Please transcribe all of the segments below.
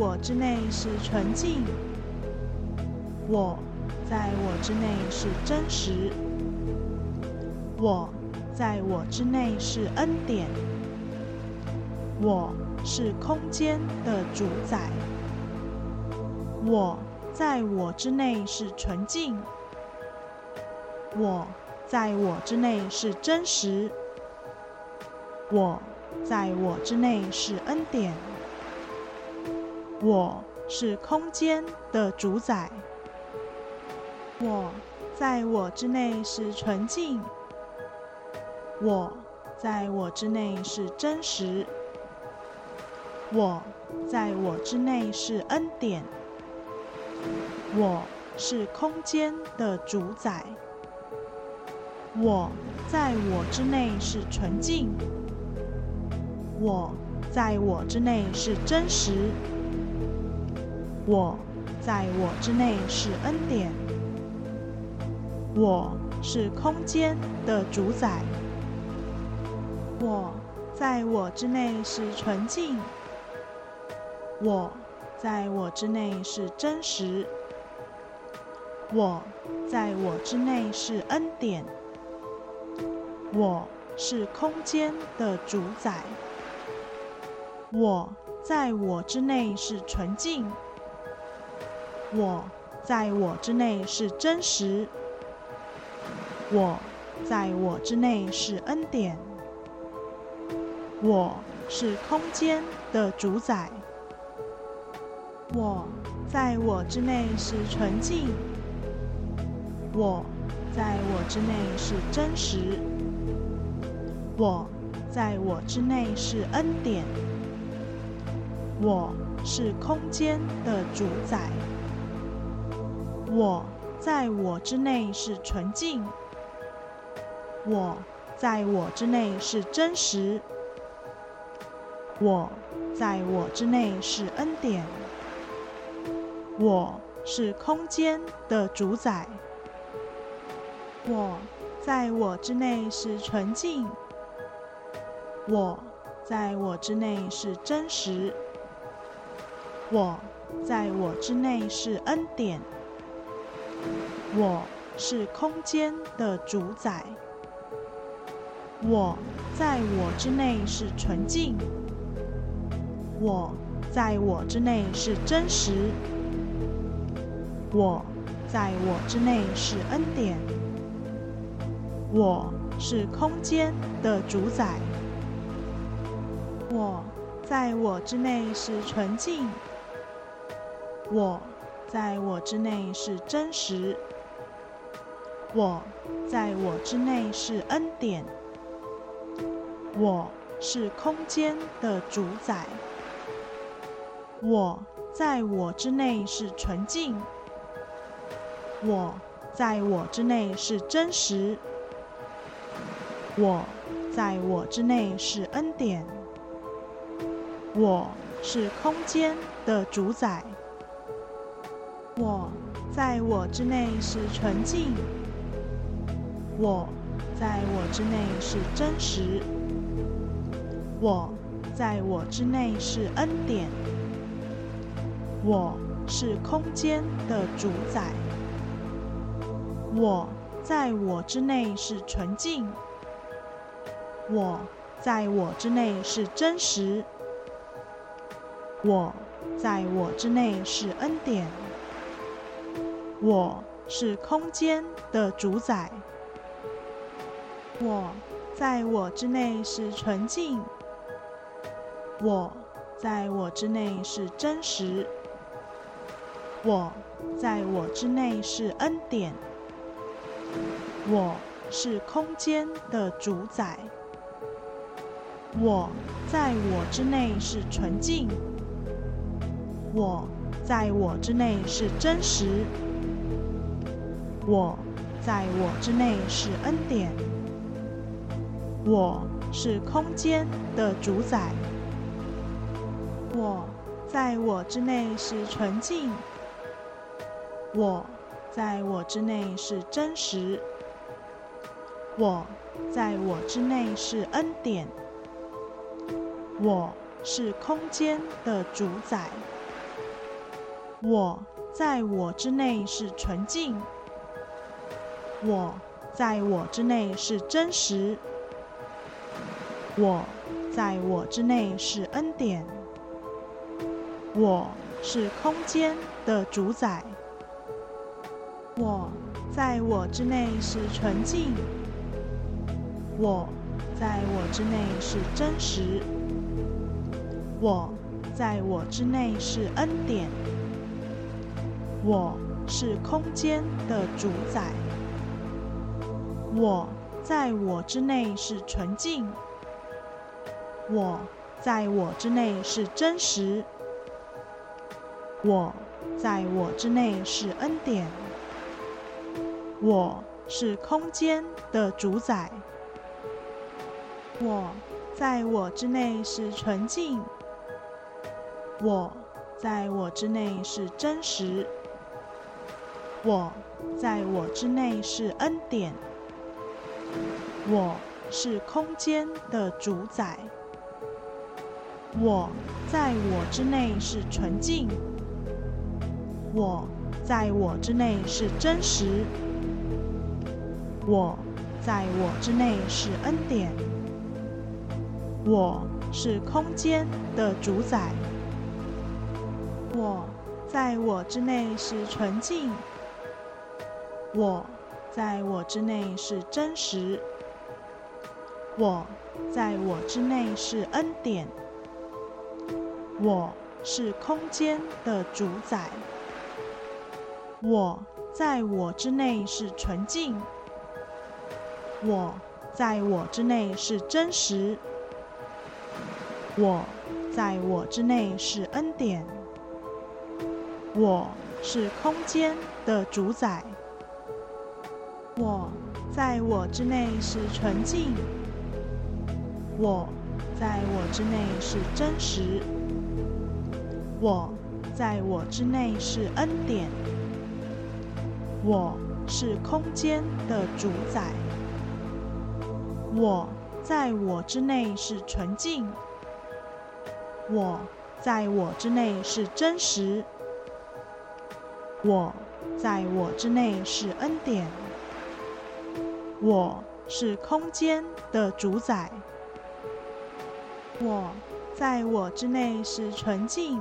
我之內是純淨，我在我之內是真實，我在我之內是恩典，我是空間的主宰，我在我之內是純淨，我在我之內是真實，我在我之內是恩典。我是空間的主宰。我在我之內是純淨。我在我之內是真實。我在我之內是恩典。我是空間的主宰。我在我之內是純淨。我在我之內是真實。我在我之內是恩典，我是空間的主宰。我在我之內是純淨，我在我之內是真實，我在我之內是恩典，我是空間的主宰。我在我之內是純淨。我在我之內是真實，我在我之內是恩典，我是空間的主宰，我在我之內是純淨，我在我之內是真實，我在我之內是恩典，我是空間的主宰。我在我之內是純淨，我在我之內是真實，我在我之內是恩典，我是空間的主宰。我在我之內是純淨，我在我之內是真實，我在我之內是恩典。我是空間的主宰，我在我之內是純淨，我在我之內是真實，我在我之內是恩典。我是空間的主宰，我在我之內是純淨，我在我之內是真實，我在我之內是恩典，我是空間的主宰，我在我之內是純淨，我在我之內是真實，我在我之內是恩典，我是空間的主宰。在我之內是純淨，我在我之內是真實，我在我之內是恩典，我是空間的主宰，我在我之內是純淨，我在我之內是真實，我在我之內是恩典。我是空間的主宰，我在我之內是純淨，我在我之內是真實，我在我之內是恩典。我是空間的主宰，我在我之內是純淨，我在我之內是真實。我在我之內是恩典，我是空間的主宰。我在我之內是純淨，我在我之內是真實。我在我之內是恩典，我是空間的主宰。我在我之內是純淨。我在我之內是真實，我在我之內是恩典，我是空間的主宰。我在我之內是純淨，我在我之內是真實，我在我之內是恩典，我是空間的主宰。我在我之內是純淨，我在我之內是真實，我在我之內是恩典，我是空間的主宰。我在我之內是純淨，我在我之內是真實，我在我之內是恩典。我是空間的主宰，我在我之內是純淨，我在我之內是真實，我在我之內是恩典。我是空間的主宰，我在我之內是純淨，我，在我之內是真實，我在我之內是恩典，我是空間的主宰，我在我之內是純淨，我在我之內是真實，我在我之內是恩典，我是空間的主宰。我在我之內是純淨，我在我之內是真實，我在我之內是恩典，我是空間的主宰。我在我之內是純淨，我在我之內是真實，我在我之內是恩典。我是空間的主宰。我在我之內是純淨。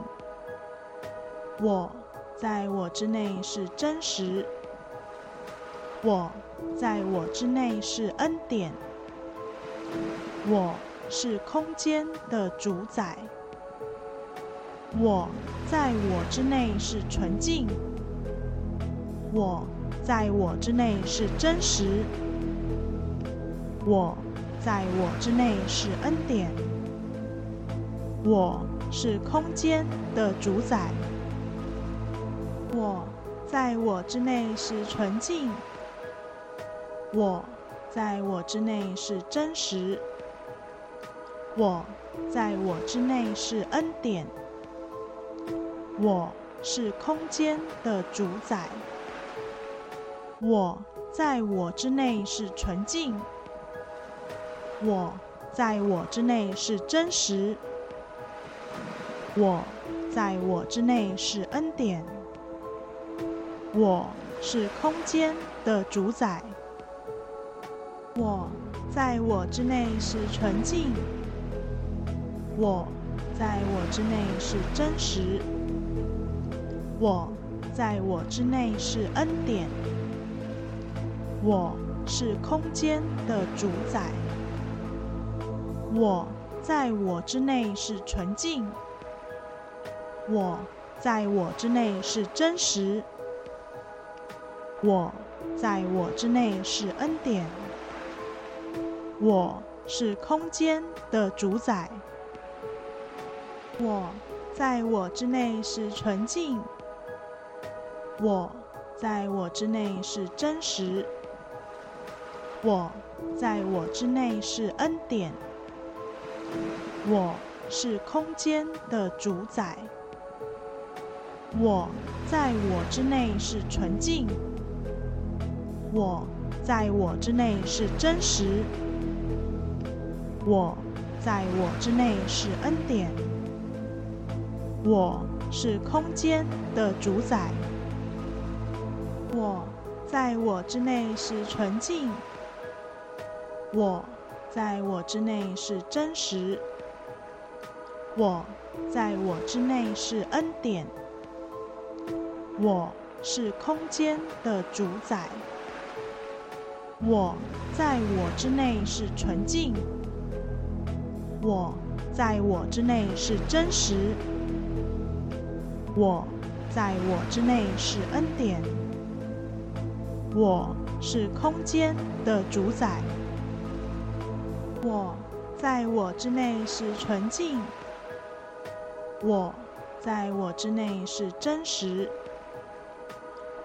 我在我之內是真實。我在我之內是恩典。我是空間的主宰。我在我之內是純淨。我在我之內是真實。我在我之內是恩典，我是空間的主宰。我在我之內是純淨，我在我之內是真實。我在我之內是恩典，我是空間的主宰。我在我之內是純淨。我在我之內是真實，我在我之內是恩典，我是空間的主宰，我在我之內是純淨，我在我之內是真實，我在我之內是恩典，我是空間的主宰。我在我之內是純淨，我在我之內是真實，我在我之內是恩典，我是空間的主宰。我在我之內是純淨，我在我之內是真實，我在我之內是恩典。我是空間的主宰，我在我之內是純淨，我在我之內是真實，我在我之內是恩典。我是空間的主宰，我在我之內是純淨，我。在我之內是真實，我在我之內是恩典，我是空間的主宰，我在我之內是純淨，我在我之內是真實，我在我之內是恩典，我是空間的主宰。我在我之內是純淨，我在我之內是真實，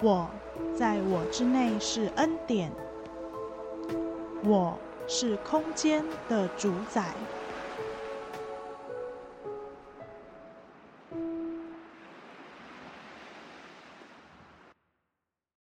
我在我之內是恩典，我是空間的主宰。